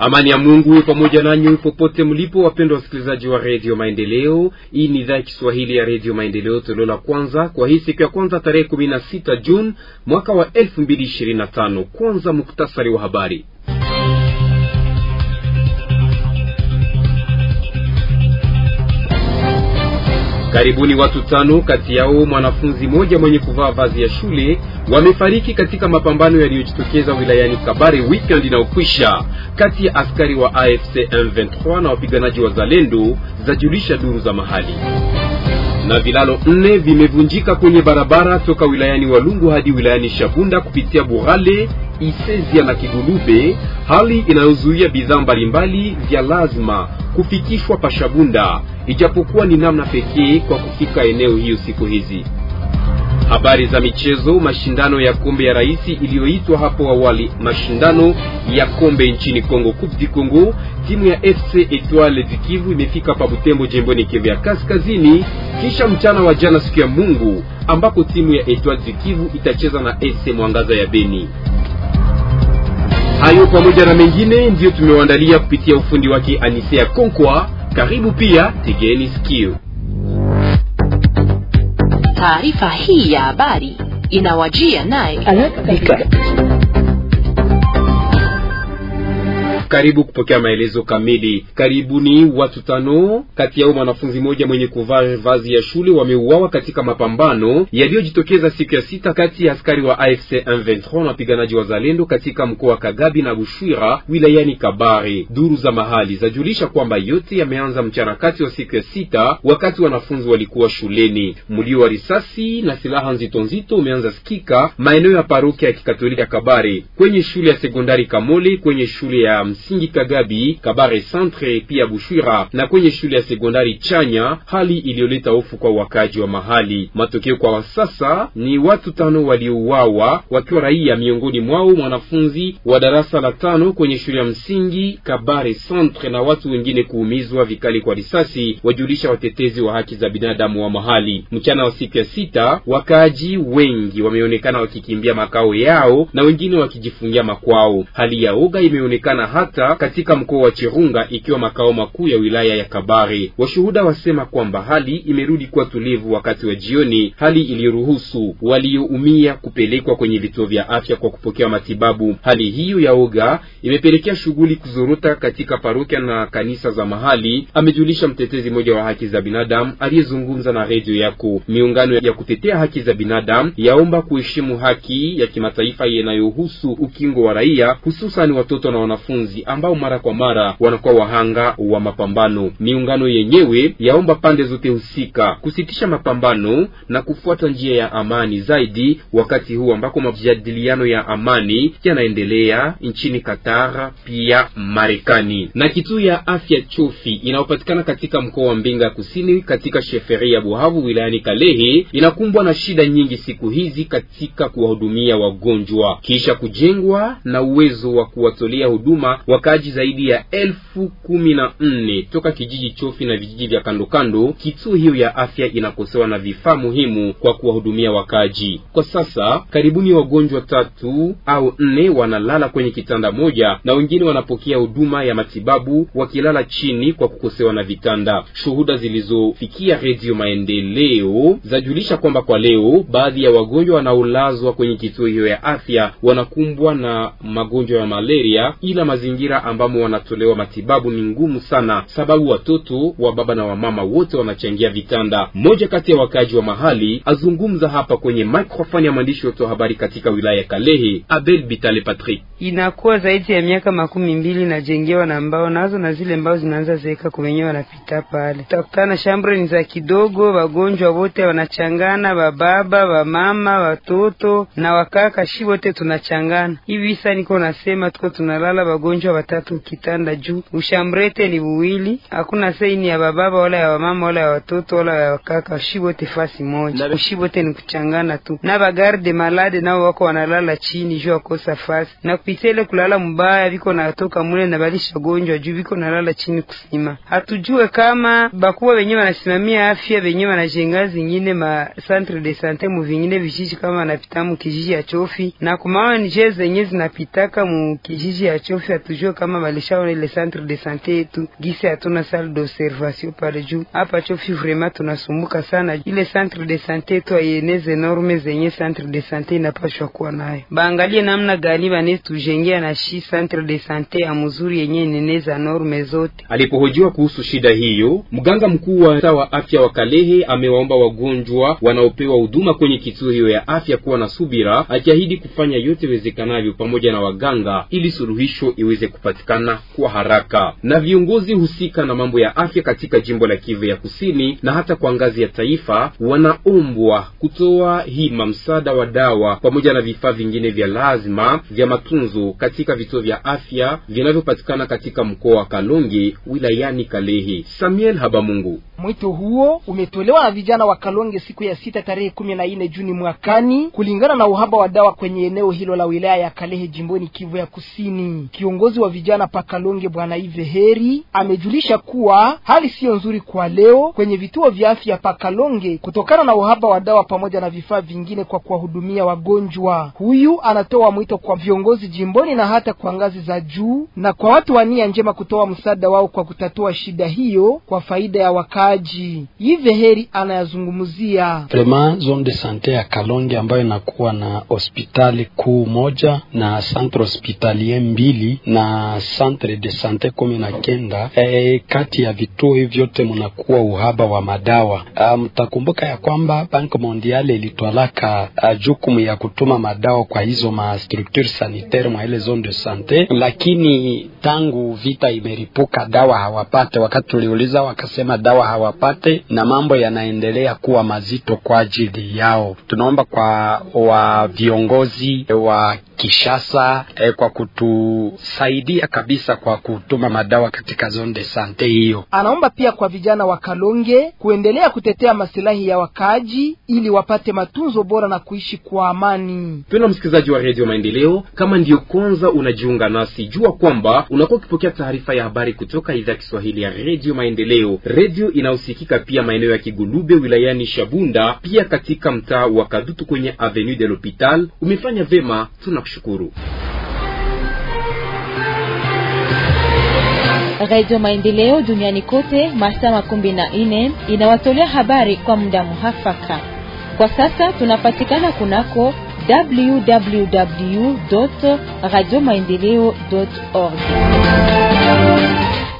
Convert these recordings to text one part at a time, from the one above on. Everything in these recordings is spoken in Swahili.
Amani ya Mungu iwe pamoja nanyi popote mlipo, wapendwa wasikilizaji wa redio Maendeleo. Hii ni idhaa ya Kiswahili ya redio Maendeleo, toleo la kwanza kwa hii siku ya kwanza tarehe kumi na sita Juni mwaka wa elfu mbili ishirini na tano. Kwanza muktasari wa habari. Karibuni watu tano kati yao mwanafunzi moja mwenye kuvaa vazi ya shule wamefariki katika mapambano yaliyojitokeza wilayani Kabare weekend inayokwisha kati ya askari wa AFC M23 na wapiganaji wa Zalendo, zajulisha duru za mahali. Na vilalo nne vimevunjika kwenye barabara toka wilayani Walungu hadi wilayani Shabunda kupitia Burale Isezia na Kidulube, hali inayozuia bidhaa mbalimbali vya lazima kufikishwa Pashabunda, ijapokuwa ni namna pekee kwa kufika eneo hiyo siku hizi. Habari za michezo. Mashindano ya kombe ya rais iliyoitwa hapo awali mashindano ya kombe nchini Kongo, Coupe du Congo, timu ya FC Etoile du Kivu imefika pa Butembo, jimboni Kivu ya Kaskazini, kisha mchana wa jana siku ya Mungu, ambapo timu ya Etoile du Kivu itacheza na AS Mwangaza ya Beni. Hayo pamoja na mengine ndiyo tumewaandalia kupitia ufundi wake Anisea Konkwa. Karibu pia, tegeni sikio. Taarifa hii ya habari inawajia naye karibu kupokea maelezo kamili. Karibuni watu tano kati yao mwanafunzi mmoja mwenye kuvaa vazi ya shule wameuawa katika mapambano yaliyojitokeza siku ya sita kati ya askari wa AFC M23 na wapiganaji wa Zalendo katika mkoa wa Kagabi na Bushwira wilayani Kabare. Duru za mahali zajulisha kwamba yote yameanza mchana kati wa siku ya sita wakati wanafunzi walikuwa shuleni. Mlio wa risasi na silaha nzito nzito umeanza sikika maeneo ya parokia ya Kikatoliki ya Kabare, kwenye shule ya sekondari Kamole, kwenye shule ya msingi Kagabi, Kabare Centre pia Bushwira na kwenye shule ya sekondari Chanya, hali iliyoleta hofu kwa wakaji wa mahali. Matokeo kwa sasa ni watu tano waliouawa wakiwa raia, miongoni mwao mwanafunzi wa darasa la tano kwenye shule ya msingi Kabare Centre na watu wengine kuumizwa vikali kwa risasi, wajulisha watetezi wa haki za binadamu wa mahali. Mchana wa siku ya sita, wakaaji wengi wameonekana wakikimbia makao yao na wengine wakijifungia makwao. Hali ya oga imeonekana hata Mata katika mkoa wa Chirunga, ikiwa makao makuu ya wilaya ya Kabare. Washuhuda wasema kwamba hali imerudi kuwa tulivu wakati wa jioni, hali iliruhusu walioumia kupelekwa kwenye vituo vya afya kwa kupokea matibabu. Hali hiyo ya oga imepelekea shughuli kuzorota katika parokia na kanisa za mahali, amejulisha mtetezi mmoja wa haki za binadamu aliyezungumza na redio yako. Miungano ya kutetea haki za binadamu yaomba kuheshimu haki ya kimataifa inayohusu ukingo wa raia, hususani watoto na wanafunzi wakazi ambao mara kwa mara wanakuwa wahanga wa mapambano. Miungano yenyewe yaomba pande zote husika kusitisha mapambano na kufuata njia ya amani zaidi, wakati huu ambako majadiliano ya amani yanaendelea nchini Qatar, pia Marekani. Na kituo ya afya Chofi inayopatikana katika mkoa wa Mbinga ya Kusini katika sheferi ya Buhavu wilayani Kalehe inakumbwa na shida nyingi siku hizi katika kuwahudumia wagonjwa kisha kujengwa na uwezo wa kuwatolea huduma wakaaji zaidi ya elfu kumi na nne toka kijiji Chofi na vijiji vya kandokando. Kituo hiyo ya afya inakosewa na vifaa muhimu kwa kuwahudumia wakaaji. Kwa sasa karibuni wagonjwa tatu au nne wanalala kwenye kitanda moja na wengine wanapokea huduma ya matibabu wakilala chini kwa kukosewa na vitanda. Shuhuda zilizofikia Redio Maendeleo zajulisha kwamba kwa leo baadhi ya wagonjwa wanaolazwa kwenye kituo hiyo ya afya wanakumbwa na magonjwa ya malaria ila mazingira mazingira ambamo wanatolewa matibabu ni ngumu sana, sababu watoto wa baba na wamama wote wanachangia vitanda. Mmoja kati ya wakaaji wa mahali azungumza hapa kwenye microphone ya mwandishi wetu wa habari katika wilaya ya Kalehe, Abel Bitale Patrick inakuwa zaidi ya miaka makumi mbili inajengewa na mbao nazo na zile mbao zinaanza zeeka kumenyewa, wanapita pale, utakutana shambre ni za kidogo, wagonjwa wote wanachangana, wababa wamama, watoto na wakaka, shi wote tunachangana hivi. Sasa niko nasema tuko tunalala wagonjwa watatu kitanda juu, ushambrete ni uwili, hakuna saini ya bababa wala ya wamama wala ya watoto wala ya wakaka, shi wote fasi moja, shi wote ni kuchangana tu, na bagarde malade nao wako wanalala chini juu wakosa fasi na hospitali kulala mbaya, viko natoka mule na balisha gonjwa juu viko nalala chini kusima. Hatujue kama bakuwa wenye wanasimamia afya wenye wanajenga zingine ma centre de sante mu vingine vijiji, kama wanapita mu kijiji ya Chofi na kumaona nije zenye zinapitaka mu kijiji ya Chofi, hatujue kama balishaona ile centre de sante yetu gisi, hatuna salle d'observation pale juu hapa Chofi. Vraiment tunasumbuka sana, ile centre de sante yetu aieneze norme zenye centre de sante inapashwa kuwa nayo, baangalie namna gani banetu kutujengea na shi centre de sante ya mzuri yenye neneza norme zote. Alipohojiwa kuhusu shida hiyo, mganga mkuu wa mtaa wa afya wa Kalehe amewaomba wagonjwa wanaopewa huduma kwenye kituo hiyo ya afya kuwa na subira, akiahidi kufanya yote iwezekanavyo pamoja na waganga ili suluhisho iweze kupatikana kwa haraka. Na viongozi husika na mambo ya afya katika jimbo la Kivu ya Kusini na hata kwa ngazi ya taifa wanaombwa kutoa hima, msaada wa dawa pamoja na vifaa vingine vya lazima vya matunzo chanjo katika vituo vya afya vinavyopatikana katika mkoa wa Kalonge wilayani Kalehe. Samuel Habamungu. Mwito huo umetolewa na vijana wa Kalonge siku ya sita tarehe kumi na nne Juni mwakani kulingana na uhaba wa dawa kwenye eneo hilo la wilaya ya Kalehe jimboni Kivu ya Kusini. Kiongozi wa vijana pa Kalonge Bwana Ive Heri amejulisha kuwa hali siyo nzuri kwa leo kwenye vituo vya afya pa Kalonge kutokana na uhaba wa dawa pamoja na vifaa vingine kwa kuwahudumia wagonjwa. Huyu anatoa mwito kwa viongozi jimboni na hata kwa ngazi za juu, na kwa watu wa nia njema kutoa msaada wao kwa kutatua shida hiyo kwa faida ya wakaaji. Ive heri anayazungumzia vraiment zone de sante ya Kalonge ambayo inakuwa na hospitali kuu moja na centre hospitalier mbili na centre de sante kumi na kenda. E, kati ya vituo hivi vyote mnakuwa uhaba wa madawa. Ah, mtakumbuka um, ya kwamba Bank Mondiale ilitwalaka uh, jukumu ya kutuma madawa kwa hizo ma structure sanitaire ndani mwa ile zone de sante, lakini tangu vita imeripuka dawa hawapate. Wakati tuliuliza wakasema dawa hawapate, na mambo yanaendelea kuwa mazito kwa ajili yao. Tunaomba kwa wa viongozi wa Kishasa eh, kwa kutusaidia kabisa kwa kutuma madawa katika zone de sante hiyo. Anaomba pia kwa vijana wa Kalonge kuendelea kutetea masilahi ya wakaaji ili wapate matunzo bora na kuishi kwa amani. Tuna msikilizaji wa redio Maendeleo kama ndio kwanza unajiunga nasi, jua kwamba unakuwa ukipokea taarifa ya habari kutoka idhaa ya Kiswahili ya Redio Maendeleo, redio inayosikika pia maeneo ya Kigulube wilayani Shabunda, pia katika mtaa wa Kadutu kwenye Avenue de l'Hopital. Umefanya vema, tunakushukuru. Radio Maendeleo duniani kote masaa makumi na nne inawatolea habari kwa muda muhafaka. Kwa sasa tunapatikana kunako www.radiomaendeleo.org.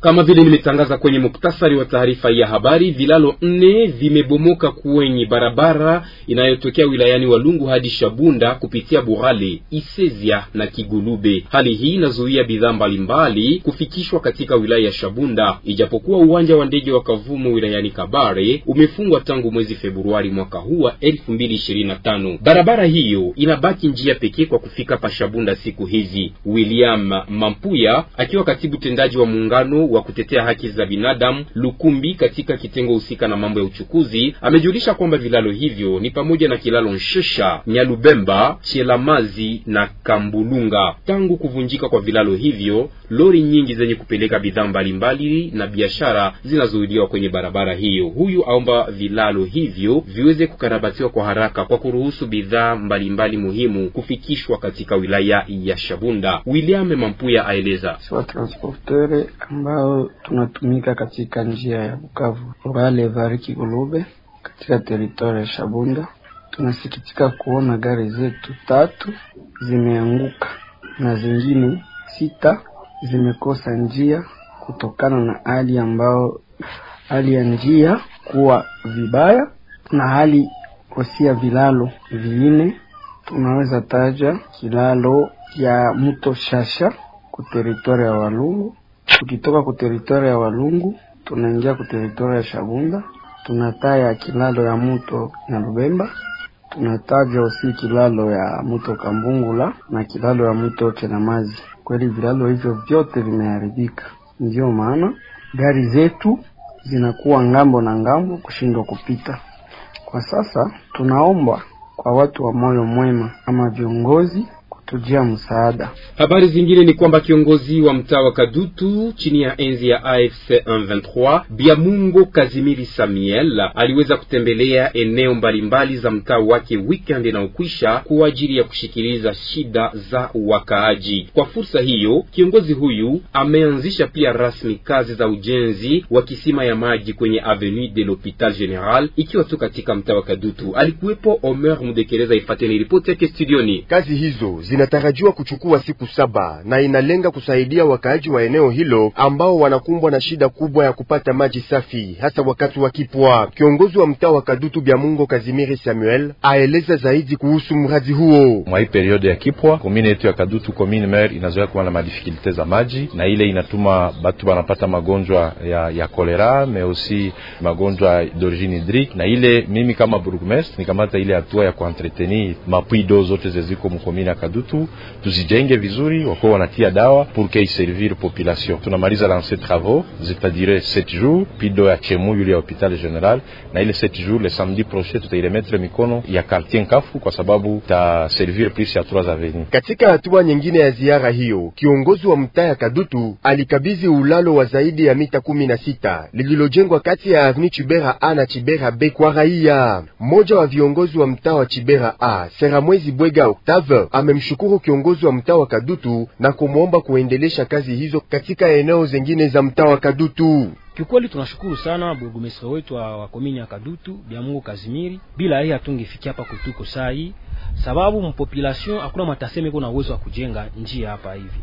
Kama vile nimetangaza kwenye muktasari wa taarifa ya habari, vilalo nne vimebomoka kwenye barabara inayotokea wilayani Walungu hadi Shabunda kupitia Burale, Isezia na Kigulube. Hali hii inazuia bidhaa mbalimbali kufikishwa katika wilaya ya Shabunda, ijapokuwa uwanja wa ndege wa Kavumu wilayani Kabare umefungwa tangu mwezi Februari mwaka huu wa 2025. Barabara hiyo inabaki njia pekee kwa kufika pa Shabunda siku hizi. William Mampuya akiwa katibu tendaji wa muungano wa kutetea haki za binadamu Lukumbi katika kitengo husika na mambo ya uchukuzi amejulisha kwamba vilalo hivyo ni pamoja na kilalo Nshesha, Nyalubemba, Chelamazi na Kambulunga. Tangu kuvunjika kwa vilalo hivyo, lori nyingi zenye kupeleka bidhaa mbalimbali na biashara zinazuiliwa kwenye barabara hiyo. Huyu aomba vilalo hivyo viweze kukarabatiwa kwa haraka kwa kuruhusu bidhaa mbalimbali muhimu kufikishwa katika wilaya ya Shabunda. William Mampuya aeleza Swa ambao tunatumika katika njia ya Bukavu Rale Variki Gulube katika teritori ya Shabunda. Tunasikitika kuona gari zetu tatu zimeanguka na zingine sita zimekosa njia kutokana na hali ambao hali ya njia kuwa vibaya na hali kosia vilalo viine. Tunaweza taja kilalo ya mto Shasha kuteritoria ya Walungu Tukitoka ku teritoria ya Walungu tunaingia ku teritoria ya Shabunda, tunataa ya kilalo ya muto na Lubemba, tunataja usi kilalo ya muto Kambungula na kilalo ya muto Chenamazi. Kweli vilalo hivyo vyote vimeharibika, ndiyo maana gari zetu zinakuwa ngambo na ngambo kushindwa kupita. Kwa sasa tunaomba kwa watu wa moyo mwema, kama viongozi kutujia msaada. Habari zingine ni kwamba kiongozi wa mtaa wa Kadutu chini ya enzi ya AFC 123 Biamungo Kazimiri samuel aliweza kutembelea eneo mbalimbali za mtaa wake weekend inayokwisha kwa ajili ya kushikiliza shida za wakaaji. Kwa fursa hiyo, kiongozi huyu ameanzisha pia rasmi kazi za ujenzi wa kisima ya maji kwenye Avenue de l'Hopital General ikiwa tu katika mtaa wa Kadutu. Alikuwepo Omer Mudekereza, ifateni ripoti yake studioni. Kazi hizo zina inatarajiwa kuchukua siku saba na inalenga kusaidia wakaaji wa eneo hilo ambao wanakumbwa na shida kubwa ya kupata maji safi hasa wakati wa kipwa. Kiongozi wa mtaa wa Kadutu bya Mungo Kazimiri Samuel aeleza zaidi kuhusu mradi huo. Mwa hii periode ya kipwa, komine yetu ya Kadutu komine mer inazoea kuwa na madifikulte za maji, na ile inatuma batu banapata magonjwa ya, ya kolera osi magonjwa d'origine hydrique, na ile mimi kama burgmestre nikamata ile hatua ya kuentretenir mapuido zote zeziko mkomine ya Kadutu zetu tuzijenge vizuri, wako wanatia dawa pour purke servir population. Tunamaliza lanse travaux zitadire 7 jours pido ya chemu yule ya hopital general, na ile 7 jours le samedi prochain tutairemetre mikono ya quartier Nkafu kwa sababu ta servir plus ya trois avenues. Katika hatua nyingine ya ziara hiyo, kiongozi wa mtaa ya Kadutu alikabidhi ulalo wa zaidi ya mita 16 lililojengwa kati ya Avenue Chibera A na Chibera B kwa raia. Mmoja wa viongozi wa mtaa wa Chibera A Seramwezi Bwega Octave amemshukuru kumshukuru kiongozi wa mtaa wa Kadutu na kumwomba kuendelesha kazi hizo katika eneo zengine za mtaa wa Kadutu. Kiukweli tunashukuru sana burgomestre wetu wa, wa komini ya Kadutu Biamungu Kazimiri. Bila yeye hatungefikia hapa kutuko saa hii, sababu mpopulation hakuna mataseme kuna uwezo wa kujenga njia hapa hivi,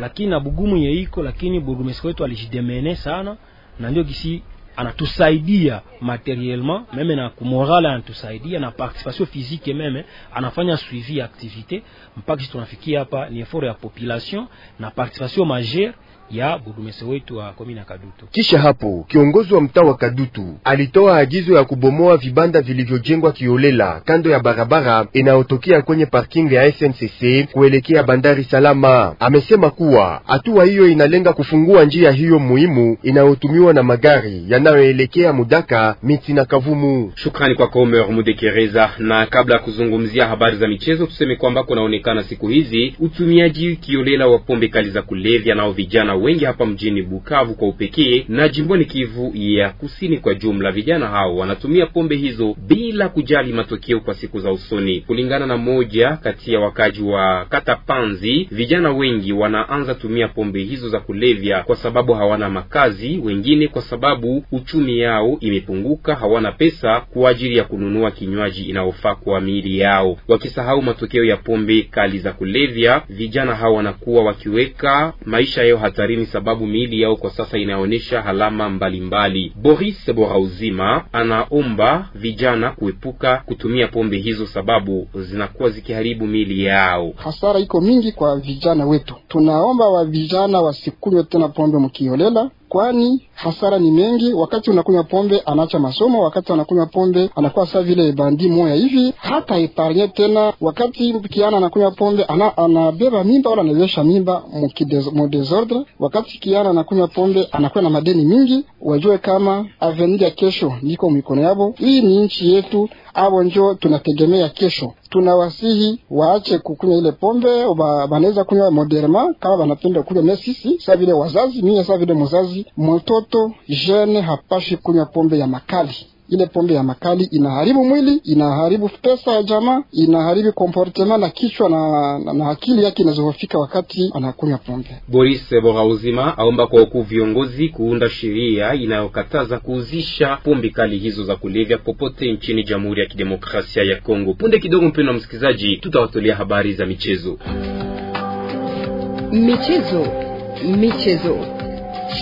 lakini na bugumu yeiko, lakini burgomestre wetu alijidemene sana na ndio kisi a anatusaidia materiellement meme na kumorale, anatusaidia na participation physique meme, anafanya suivi ya activité mpaka tunafikia hapa. Ni effort la population na participation majeure ya budumese wetu wa komina Kadutu. Kisha hapo kiongozi wa mtaa wa Kadutu alitoa agizo ya kubomoa vibanda vilivyojengwa kiolela kando ya barabara inayotokea kwenye parking ya SNCC kuelekea bandari salama. Amesema kuwa hatua hiyo inalenga kufungua njia hiyo muhimu inayotumiwa na magari yanayoelekea Mudaka, Miti na Kavumu. Shukrani kwako Omer Mudekereza. Na kabla ya kuzungumzia habari za michezo, tuseme kwamba kunaonekana siku hizi utumiaji kiolela wa pombe kali za kulevya nao vijana wengi hapa mjini Bukavu kwa upekee na jimboni Kivu ya Kusini kwa jumla. Vijana hao wanatumia pombe hizo bila kujali matokeo kwa siku za usoni. Kulingana na moja kati ya wakaji wa kata Panzi, vijana wengi wanaanza tumia pombe hizo za kulevya kwa sababu hawana makazi, wengine kwa sababu uchumi yao imepunguka, hawana pesa kwa ajili ya kununua kinywaji inayofaa kwa miili yao, wakisahau matokeo ya pombe kali za kulevya. Vijana hao wanakuwa wakiweka maisha yao hata hatarini, sababu miili yao kwa sasa inaonyesha alama mbalimbali. Boris Borauzima anaomba vijana kuepuka kutumia pombe hizo, sababu zinakuwa zikiharibu miili yao. Hasara iko mingi kwa vijana wetu, tunaomba wa vijana wasikunywe tena pombe mkiolela kwani hasara ni mengi. Wakati unakunywa pombe anaacha masomo, wakati anakunywa pombe anakuwa saa vile bandi moya hivi, hata epargne tena. Wakati kiana anakunywa pombe ana, anabeba mimba wala anaezesha mimba mu desordre. Wakati kiana anakunywa pombe anakuwa na madeni mingi. Wajue kama avenir ya kesho niko mikono yabo. Hii ni nchi yetu, abo njo tunategemea kesho. Tunawasihi waache kukunywa ile pombe, wanaweza kunywa moderma kama wanapenda kunywa. Mesisi saa vile wazazi, mimi saa vile mzazi mtoto jene hapashi kunywa pombe ya makali. Ile pombe ya makali inaharibu mwili, inaharibu pesa ya jamaa, inaharibu komportema na kichwa na, na, na akili yake inazofika wakati anakunywa pombe. Boris Borauzima aomba kwa ukuu viongozi kuunda sheria inayokataza kuuzisha pombe kali hizo za kulevya popote nchini Jamhuri ya Kidemokrasia ya Kongo. Punde kidogo, mpendwa msikilizaji, tutawatolea habari za michezo. Michezo, michezo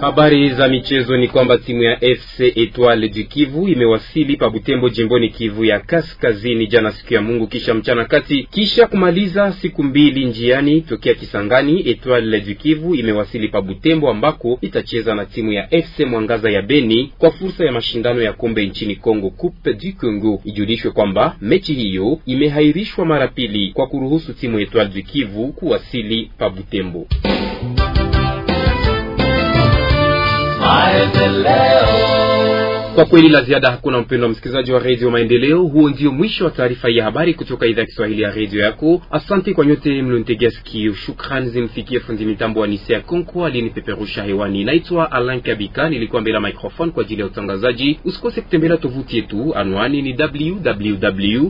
Habari za michezo ni kwamba timu ya FC Etoile du Kivu imewasili pa Butembo jimboni Kivu ya Kaskazini jana siku ya Mungu kisha mchana kati, kisha kumaliza siku mbili njiani tokea Kisangani. Etoile du Kivu imewasili pa Butembo ambako itacheza na timu ya FC Mwangaza ya Beni kwa fursa ya mashindano ya kombe nchini Kongo, Coupe du Congo. Ijulishwe kwamba mechi hiyo imehairishwa mara pili kwa kuruhusu timu Etoile du Kivu kuwasili pa Butembo. Kwa kweli la ziada hakuna, mpendo wa msikilizaji wa redio Maendeleo. Huo ndio mwisho wa taarifa ya habari kutoka idhaa ya Kiswahili ya redio yako. Asante kwa nyote mliontegea sikio. Shukran zimfikie fundi mitambo wa Nisea Konko aliyenipeperusha hewani. Naitwa Alan Kabika, nilikuwa mbele ya microphone kwa ajili ya utangazaji. Usikose kutembelea tovuti yetu, anwani ni www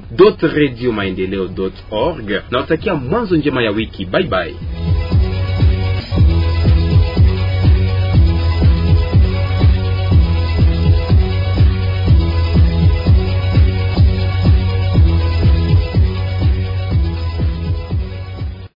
radio maendeleo org, na watakia mwanzo njema ya wiki. Bye bye.